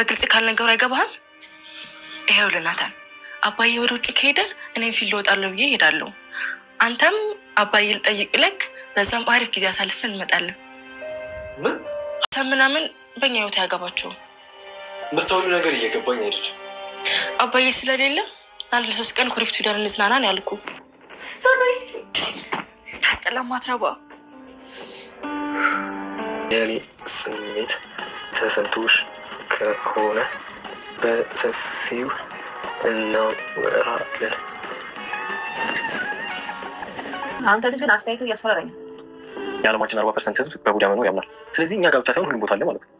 በግልጽ ካልነገሩ አይገባህም። ይሄው ልናታል አባዬ ወደ ውጭ ከሄደ እኔም ፊልድ እወጣለሁ ብዬ እሄዳለሁ። አንተም አባዬን ጠይቅ ልክ በዛም አሪፍ ጊዜ አሳልፈን እንመጣለን። ምን ምናምን በኛ ህይወት አያገባቸውም። መታወሉ ነገር እየገባኝ አይደለም። አባዬ ስለሌለ አንድ ለሶስት ቀን ኩሪፍቱ ሄደን እንዝናናን ያልኩ ስታስጠላ ማትረባ የኔ ስሜት ተሰምቶሽ ከሆነ በሰፊው እናወራለን። አንተ ልጅ ግን አስተያየት እያስፈራረኝ የዓለማችን አርባ ፐርሰንት ህዝብ በቡዳ መኖር ያምናል። ስለዚህ እኛ ጋር ብቻ ሳይሆን ሁሉም ቦታ አለ ማለት ነው።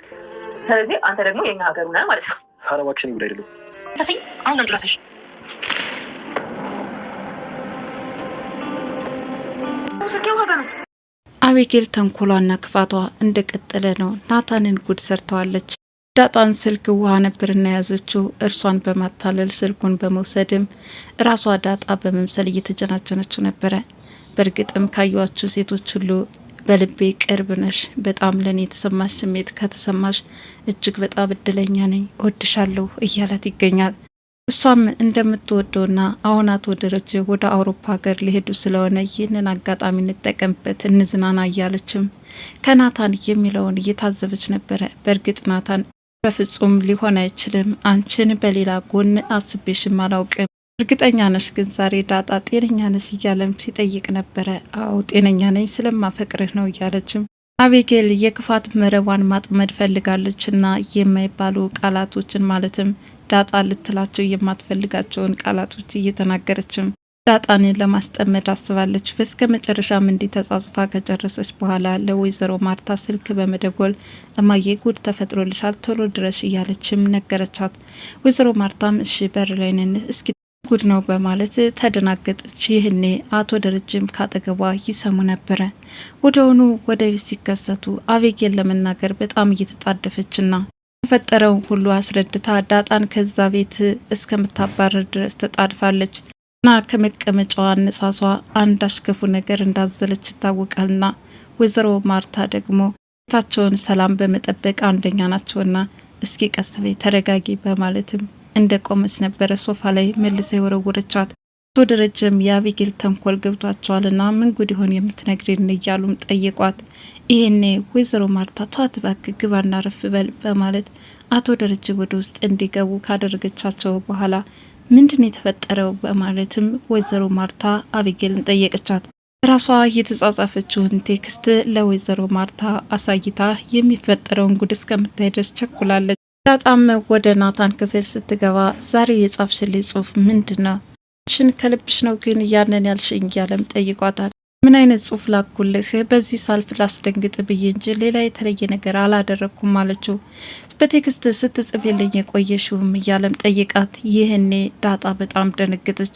ስለዚህ አንተ ደግሞ የኛ ሀገሩ ነህ ማለት ነው። ሀረባችን ጉዳይ አይደለም ተሰኝ አሁን ነው ድረሰሽ አቤጌል ተንኮሏና ክፋቷ እንደቀጠለ ነው። ናታንን ጉድ ሰርተዋለች። ዳጣን ስልክ ውሃ ነበርና የያዘችው እርሷን በማታለል ስልኩን በመውሰድም ራሷ ዳጣ በመምሰል እየተጀናጀነችው ነበረ። በእርግጥም ካዩዋችሁ ሴቶች ሁሉ በልቤ ቅርብ ነሽ፣ በጣም ለእኔ የተሰማሽ ስሜት ከተሰማሽ እጅግ በጣም እድለኛ ነኝ፣ እወድሻለሁ እያላት ይገኛል። እሷም እንደምትወደውና አሁናት አቶ ደረጀ ወደ አውሮፓ ሀገር ሊሄዱ ስለሆነ ይህንን አጋጣሚ እንጠቀምበት እንዝናና እያለችም ከናታን የሚለውን እየታዘበች ነበረ። በእርግጥ ናታን በፍጹም ሊሆን አይችልም። አንቺን በሌላ ጎን አስቤሽም አላውቅም። እርግጠኛ ነሽ ግን ዛሬ ዳጣ ጤነኛ ነሽ እያለም ሲጠይቅ ነበረ። አዎ ጤነኛ ነኝ፣ ስለማፈቅርህ ነው እያለችም አቤጌል የክፋት መረቧን ማጥመድ ፈልጋለች እና የማይባሉ ቃላቶችን ማለትም ዳጣ ልትላቸው የማትፈልጋቸውን ቃላቶች እየተናገረችም ዳጣንን ለማስጠመድ አስባለች። በስከ መጨረሻም እንዲህ ተጻጽፋ ከጨረሰች በኋላ ለወይዘሮ ማርታ ስልክ በመደወል እማዬ ጉድ ተፈጥሮልሻል ቶሎ ድረሽ እያለችም ነገረቻት። ወይዘሮ ማርታም እሺ በር ላይ ነን እስኪ ጉድ ነው በማለት ተደናገጠች። ይህኔ አቶ ደረጀም ካጠገቧ ይሰሙ ነበረ። ወደውኑ ወደ ቤት ሲከሰቱ አቤጌን ለመናገር በጣም እየተጣደፈችና የተፈጠረውን ሁሉ አስረድታ ዳጣን ከዛ ቤት እስከምታባረር ድረስ ተጣድፋለች። ና ከመቀመጫዋ አነሳሷ አንዳች ክፉ ነገር እንዳዘለች ይታወቃልና ወይዘሮ ማርታ ደግሞ ቤታቸውን ሰላም በመጠበቅ አንደኛ ናቸውና እስኪ ቀስቤ ተረጋጊ በማለትም እንደ ቆመች ነበረ ሶፋ ላይ መልሰ የወረወረቻት። አቶ ደረጀም የአቢጌል ተንኮል ገብቷቸዋልና ምን ጉድ ይሆን የምትነግሪን እያሉም ጠይቋት። ይሄኔ ወይዘሮ ማርታ ተዋት ባክ ግባና ረፍ በል በማለት አቶ ደረጀ ወደ ውስጥ እንዲገቡ ካደረገቻቸው በኋላ ምንድን የተፈጠረው በማለትም ወይዘሮ ማርታ አቤጌልን ጠየቀቻት። ራሷ የተጻጻፈችውን ቴክስት ለወይዘሮ ማርታ አሳይታ የሚፈጠረውን ጉድ እስከምታይ ድረስ ቸኩላለች። ዳጣም ወደ ናታን ክፍል ስትገባ ዛሬ የጻፍሽልኝ ጽሁፍ ምንድን ነው? ሽን ከልብሽ ነው ግን ያንን ያልሽኝ እያለም ጠይቋታል። ምን አይነት ጽሁፍ ላኩልህ? በዚህ ሳልፍ ላስደንግጥ ብዬ እንጂ ሌላ የተለየ ነገር አላደረግኩም አለችው። በቴክስት ስትጽፍልኝ የቆየሽውም እያለም ጠይቃት። ይህኔ ዳጣ በጣም ደነገጠች።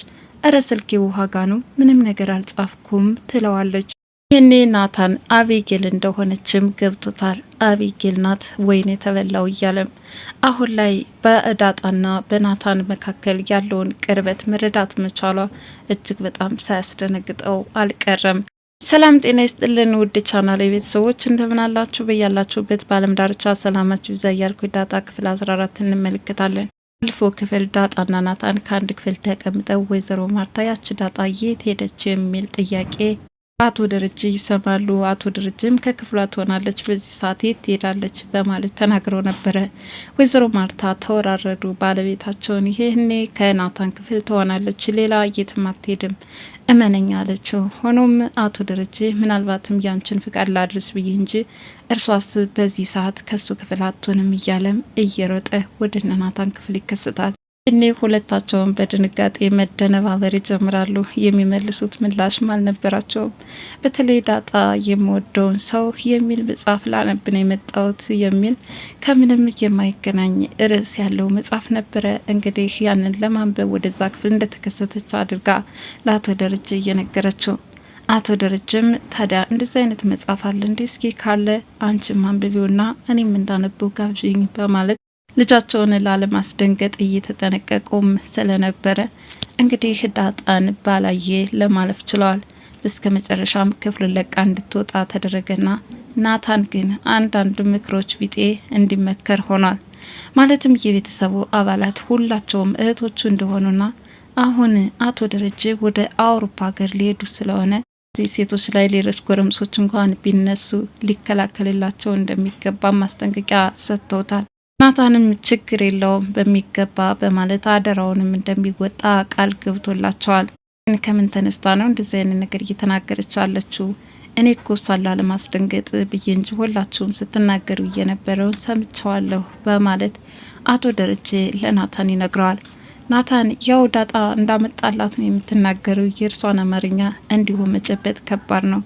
እረ ስልኬ ውሃ ጋኑ ምንም ነገር አልጻፍኩም ትለዋለች። ይህኔ ናታን አቤጌል እንደሆነችም ገብቶታል። አቤጌል ናት ወይን የተበላው እያለም አሁን ላይ በዳጣና በናታን መካከል ያለውን ቅርበት መረዳት መቻሏ እጅግ በጣም ሳያስደነግጠው አልቀረም። ሰላም ጤና ይስጥልን ውድ ቻናል የቤተሰቦች እንደምናላችሁ በያላችሁበት በአለም ዳርቻ ሰላማችሁ ይብዛ እያልኩ ዳጣ ክፍል 14 እንመለከታለን። አልፎ ክፍል ዳጣና ናታን ከአንድ ክፍል ተቀምጠው ወይዘሮ ማርታ ያች ዳጣ የት ሄደች የሚል ጥያቄ አቶ ደረጀ ይሰማሉ። አቶ ደረጀም ከክፍሏ ትሆናለች፣ በዚህ ሰዓት የት ትሄዳለች በማለት ተናግረው ነበረ። ወይዘሮ ማርታ ተወራረዱ ባለቤታቸውን። ይሄኔ ከናታን ክፍል ትሆናለች፣ ሌላ የትም አትሄድም፣ እመነኛ አለችው። ሆኖም አቶ ደረጀ ምናልባትም ያንችን ፍቃድ ላድርስ ብዬ እንጂ እርሷስ በዚህ ሰዓት ከሱ ክፍል አትሆንም እያለም እየሮጠ ወደ ነናታን ክፍል ይከሰታል። እኔ ሁለታቸውን በድንጋጤ መደነባበር ይጀምራሉ። የሚመልሱት ምላሽም አልነበራቸውም። በተለይ ዳጣ የምወደውን ሰው የሚል መጽሐፍ ላነብን የመጣውት የመጣሁት የሚል ከምንም የማይገናኝ ርዕስ ያለው መጽሐፍ ነበረ። እንግዲህ ያንን ለማንበብ ወደዛ ክፍል እንደተከሰተች አድርጋ ለአቶ ደረጀ እየነገረችው፣ አቶ ደረጀም ታዲያ እንደዚህ አይነት መጽሐፍ አለ እንዲ እስኪ ካለ አንቺም አንብቢውና እኔም እንዳነበው ጋብዥኝ በማለት ልጃቸውን ላለማስደንገጥ እየተጠነቀቁም ስለነበረ እንግዲህ ዳጣን ባላየ ለማለፍ ችለዋል። እስከ መጨረሻም ክፍሉን ለቃ እንድትወጣ ተደረገና ናታን ግን አንዳንድ ምክሮች ቢጤ እንዲመከር ሆኗል። ማለትም የቤተሰቡ አባላት ሁላቸውም እህቶቹ እንደሆኑና አሁን አቶ ደረጀ ወደ አውሮፓ ሀገር ሊሄዱ ስለሆነ እዚህ ሴቶች ላይ ሌሎች ጎረምሶች እንኳን ቢነሱ ሊከላከልላቸው እንደሚገባ ማስጠንቀቂያ ሰጥተውታል። ናታንም ችግር የለውም በሚገባ በማለት አደራውንም እንደሚወጣ ቃል ገብቶላቸዋል። ግን ከምን ተነስታ ነው እንደዚህ አይነት ነገር እየተናገረች አለችው? እኔ እኮ ሳላ ለማስደንገጥ ብዬ እንጂ ሁላችሁም ስትናገሩ እየነበረውን ሰምቸዋለሁ በማለት አቶ ደረጀ ለናታን ይነግረዋል። ናታን ያው ዳጣ እንዳመጣላት ነው የምትናገረው፣ የእርሷን አማርኛ እንዲሁ መጨበጥ ከባድ ነው።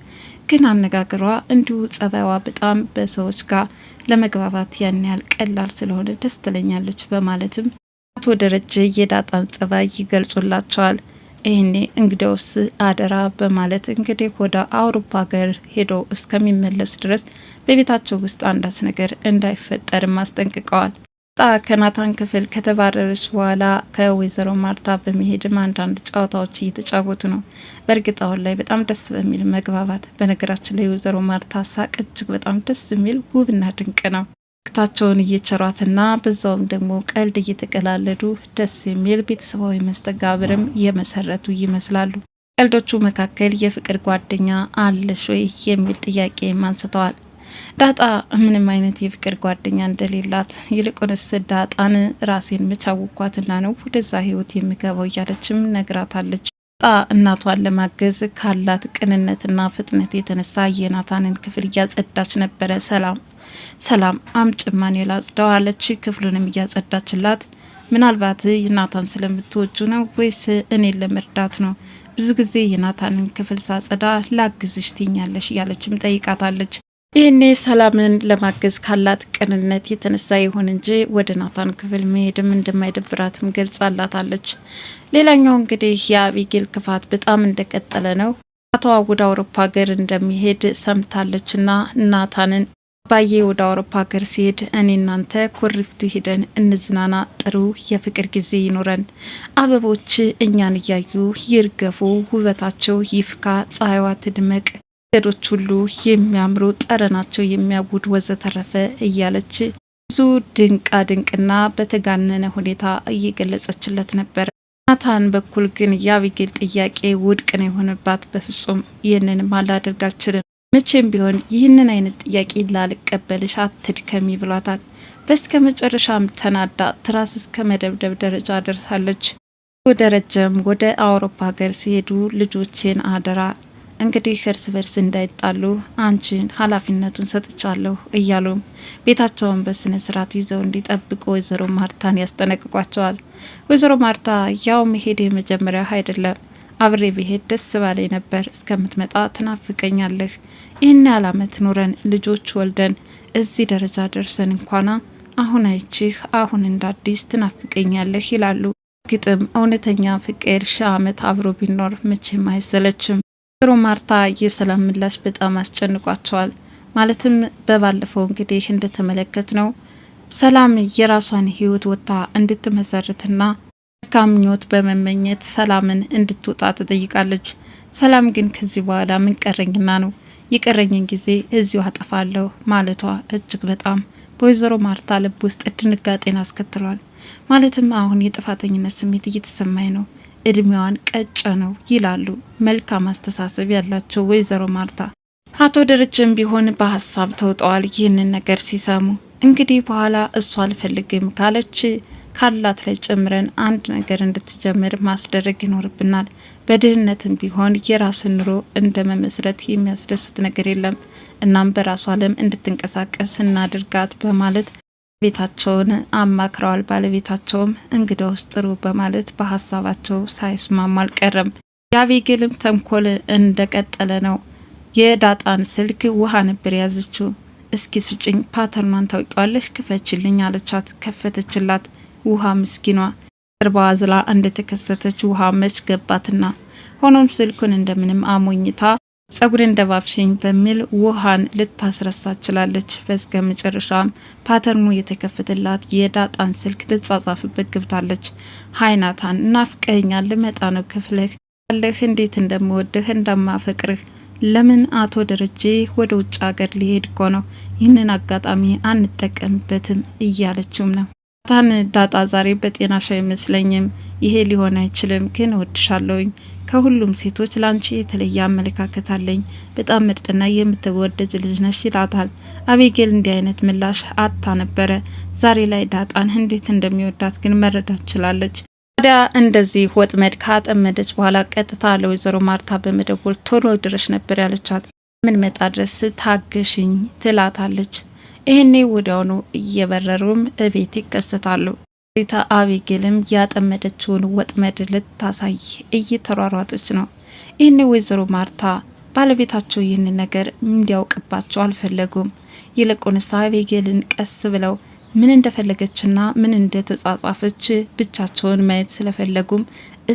ግን አነጋገሯ እንዲሁ ጸባይዋ በጣም በሰዎች ጋር ለመግባባት ያን ያህል ቀላል ስለሆነ ደስ ትለኛለች በማለትም አቶ ደረጀ የዳጣን ጸባይ ይገልጹላቸዋል። ይህኔ እንግዲያውስ አደራ በማለት እንግዲህ ወደ አውሮፓ ሀገር ሄዶ እስከሚመለስ ድረስ በቤታቸው ውስጥ አንዳች ነገር እንዳይፈጠርም አስጠንቅቀዋል። ዳጣ ከናታን ክፍል ከተባረረች በኋላ ከወይዘሮ ማርታ በመሄድም አንዳንድ ጨዋታዎች እየተጫወቱ ነው። በእርግጥ አሁን ላይ በጣም ደስ በሚል መግባባት፣ በነገራችን ላይ ወይዘሮ ማርታ ሳቅ እጅግ በጣም ደስ የሚል ውብና ድንቅ ነው። ክታቸውን እየቸሯትና በዛውም ደግሞ ቀልድ እየተቀላለዱ ደስ የሚል ቤተሰባዊ መስተጋብርም እየመሰረቱ ይመስላሉ። ቀልዶቹ መካከል የፍቅር ጓደኛ አለሽ ወይ የሚል ጥያቄም አንስተዋል። ዳጣ ምንም አይነት የፍቅር ጓደኛ እንደሌላት ይልቁንስ ዳጣን ራሴን ምቻውኳትና ነው ወደዛ ህይወት የሚገባው እያለችም ነግራታለች። ጣ እናቷን ለማገዝ ካላት ቅንነትና ፍጥነት የተነሳ የናታንን ክፍል እያጸዳች ነበረ። ሰላም ሰላም አምጭማን የላጽደው አለች። ክፍሉንም እያጸዳችላት ምናልባት የናታን ስለምትወጁ ነው ወይስ እኔን ለመርዳት ነው? ብዙ ጊዜ የናታንን ክፍል ሳጸዳ ላግዝሽ ትኛለሽ እያለችም ጠይቃታለች። ይህኔ ሰላምን ለማገዝ ካላት ቅንነት የተነሳ ይሁን እንጂ ወደ ናታን ክፍል መሄድም እንደማይደብራትም ገልጻላታለች። ሌላኛው እንግዲህ የአቢጌል ክፋት በጣም እንደቀጠለ ነው። አቶ ወደ አውሮፓ ሀገር እንደሚሄድ ሰምታለች እና ናታንን አባዬ ወደ አውሮፓ ሀገር ሲሄድ እኔ እናንተ ኮሪፍቱ ሄደን እንዝናና፣ ጥሩ የፍቅር ጊዜ ይኖረን፣ አበቦች እኛን እያዩ ይርገፉ፣ ውበታቸው ይፍካ፣ ፀሐይዋ ትድመቅ መንገዶች ሁሉ የሚያምሩ ጠረናቸው የሚያውድ ወዘተረፈ እያለች ብዙ ድንቃ ድንቅና በተጋነነ ሁኔታ እየገለጸችለት ነበር። ናታን በኩል ግን የአቢጌል ጥያቄ ውድቅ ነው የሆነባት። በፍጹም ይህንንም ማላደርግ አልችልም፣ መቼም ቢሆን ይህንን አይነት ጥያቄ ላልቀበልሽ፣ አትድከሚ ብሏታል። በስከ መጨረሻም ተናዳ ትራስ እስከ መደብደብ ደረጃ ደርሳለች። ደረጀም ወደ አውሮፓ ሀገር ሲሄዱ ልጆቼን አደራ እንግዲህ እርስ በርስ እንዳይጣሉ አንቺን ኃላፊነቱን ሰጥቻለሁ እያሉም ቤታቸውን በስነ ስርዓት ይዘው እንዲጠብቁ ወይዘሮ ማርታን ያስጠነቅቋቸዋል። ወይዘሮ ማርታ ያው መሄድ የመጀመሪያ አይደለም፣ አብሬ ብሄድ ደስ ባላይ ነበር፣ እስከምትመጣ ትናፍቀኛለህ። ይህን ያህል ዓመት ኑረን ልጆች ወልደን እዚህ ደረጃ ደርሰን እንኳና አሁን አይቺህ አሁን እንደ አዲስ ትናፍቀኛለህ ይላሉ። ግጥም እውነተኛ ፍቅር ሺህ ዓመት አብሮ ቢኖር መቼም አይሰለችም። ጥሩ ማርታ ይህ ምላሽ በጣም አስጨንቋቸዋል። ማለትም በባለፈው እንግዲህ እንደተመለከት ነው ሰላም የራሷን ህይወት ወጥታ እንድትመሰርትና መልካም ምኞት በመመኘት ሰላምን እንድትወጣ ትጠይቃለች። ሰላም ግን ከዚህ በኋላ ምን ቀረኝና ነው የቀረኝን ጊዜ እዚሁ አጠፋለሁ ማለቷ እጅግ በጣም በወይዘሮ ማርታ ልብ ውስጥ ድንጋጤን አስከትሏል። ማለትም አሁን የጥፋተኝነት ስሜት እየተሰማኝ ነው እድሜዋን ቀጨ ነው ይላሉ መልካም አስተሳሰብ ያላቸው ወይዘሮ ማርታ። አቶ ደረጀም ቢሆን በሀሳብ ተውጠዋል ይህንን ነገር ሲሰሙ። እንግዲህ በኋላ እሷ አልፈልግም ካለች ካላት ላይ ጨምረን አንድ ነገር እንድትጀምር ማስደረግ ይኖርብናል። በድህነትም ቢሆን የራስን ኑሮ እንደ መመስረት የሚያስደስት ነገር የለም። እናም በራሷ ዓለም እንድትንቀሳቀስ እናድርጋት በማለት ቤታቸውን አማክረዋል። ባለቤታቸውም እንግዳውስ ጥሩ በማለት በሀሳባቸው ሳይስማሙ አልቀረም። የአቤጌልም ተንኮል እንደቀጠለ ነው። የዳጣን ስልክ ውሃ ነበር የያዘችው። እስኪ ስጭኝ፣ ፓተርኗን ታውቂዋለሽ? ክፈችልኝ አለቻት። ከፈተችላት። ውሃ ምስኪኗ ጀርባዋ ዝላ እንደተከሰተች ውሃ መች ገባትና፣ ሆኖም ስልኩን እንደምንም አሞኝታ ጸጉሬን ደባብሽኝ በሚል ውሃን ልታስረሳ ችላለች። በስከ መጨረሻም ፓተርኑ የተከፈተላት የዳጣን ስልክ ትጻጻፍበት ገብታለች። ሀይናታን ናታን ልመጣ ነው ክፍልህ ያለህ እንዴት እንደምወድህ እንደማፈቅርህ ለምን አቶ ደረጀ ወደ ውጭ ሀገር ሊሄድ እኮ ነው፣ ይህንን አጋጣሚ አንጠቀምበትም እያለችውም ነው። ታን ዳጣ ዛሬ በጤናሽ አይመስለኝም፣ ይሄ ሊሆን አይችልም፣ ግን እወድሻለሁኝ ከሁሉም ሴቶች ላንቺ የተለየ አመለካከት አለኝ፣ በጣም ምርጥና የምትወደጅ ልጅ ነሽ ይላታል። አቤጌል እንዲህ አይነት ምላሽ አታ ነበረ። ዛሬ ላይ ዳጣን እንዴት እንደሚወዳት ግን መረዳት ችላለች። ታዲያ እንደዚህ ወጥመድ ካጠመደች በኋላ ቀጥታ ለወይዘሮ ማርታ በመደወል ቶሎ ድረሽ ነበር ያለቻት። ምን መጣ ድረስ ታገሽኝ ትላታለች። ይህኔ ወዲያውኑ እየበረሩም እቤት ይከሰታሉ። ሪታ አቢጌልም ያጠመደችውን ወጥመድ ልታሳይ እየተሯሯጠች ነው። ይህን ወይዘሮ ማርታ ባለቤታቸው ይህንን ነገር እንዲያውቅባቸው አልፈለጉም። ይልቁንስ አቢጌልን ቀስ ብለው ምን እንደፈለገችና ምን እንደተጻጻፈች ብቻቸውን ማየት ስለፈለጉም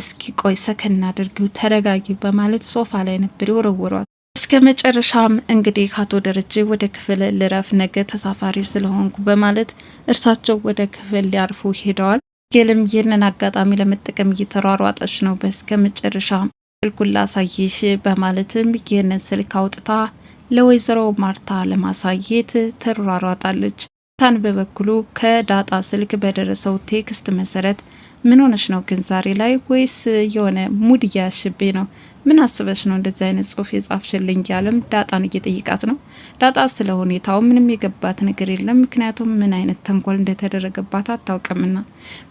እስኪ ቆይ ሰከና አድርጊው ተረጋጊ በማለት ሶፋ ላይ ነበር የወረወሯት። እስከ መጨረሻም እንግዲህ ከአቶ ደረጀ ወደ ክፍል ልረፍ፣ ነገ ተሳፋሪ ስለሆንኩ በማለት እርሳቸው ወደ ክፍል ሊያርፉ ሄደዋል። ግልም ይህንን አጋጣሚ ለመጠቀም እየተሯሯጠች ነው። በስከ መጨረሻ ስልኩን ላሳይሽ በማለትም ይህንን ስልክ አውጥታ ለወይዘሮ ማርታ ለማሳየት ትሯሯጣለች። ታን በበኩሉ ከዳጣ ስልክ በደረሰው ቴክስት መሰረት ምን ሆነሽ ነው ግን ዛሬ ላይ? ወይስ የሆነ ሙድ እያያሽብኝ ነው? ምን አስበሽ ነው እንደዚህ አይነት ጽሁፍ የጻፍሽልኝ? ያለም ዳጣን እየጠይቃት ነው። ዳጣ ስለ ሁኔታው ምንም የገባት ነገር የለም። ምክንያቱም ምን አይነት ተንኮል እንደተደረገባት አታውቅምና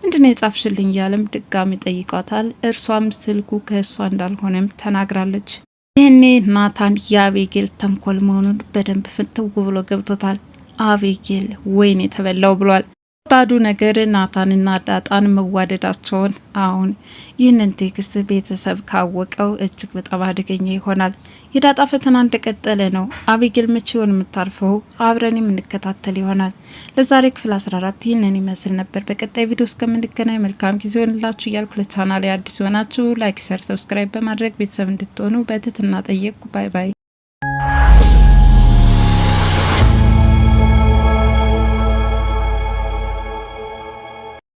ምንድነው የጻፍሽልኝ? ያለም ድጋሚ ጠይቋታል። እርሷም ስልኩ ከእሷ እንዳልሆነም ተናግራለች። ይህኔ ናታን የአቤጌል ተንኮል መሆኑን በደንብ ፍንትው ብሎ ገብቶታል። አቤጌል ወይን የተበላው ብሏል። ከባዱ ነገር ናታንና ዳጣን መዋደዳቸውን አሁን ይህንን ቴክስት ቤተሰብ ካወቀው እጅግ በጣም አደገኛ ይሆናል። የዳጣ ፈተና እንደቀጠለ ነው። አቢጊል መቼ ይሆን የምታርፈው? አብረን የምንከታተል ይሆናል። ለዛሬ ክፍል 14 ይህንን ይመስል ነበር። በቀጣይ ቪዲዮ እስከምንገናኝ መልካም ጊዜ ሆንላችሁ እያልኩ ለቻናል አዲስ ሆናችሁ ላይክ፣ ሸር፣ ሰብስክራይብ በማድረግ ቤተሰብ እንድትሆኑ በትህትና ጠየቅኩ። ባይ ባይ።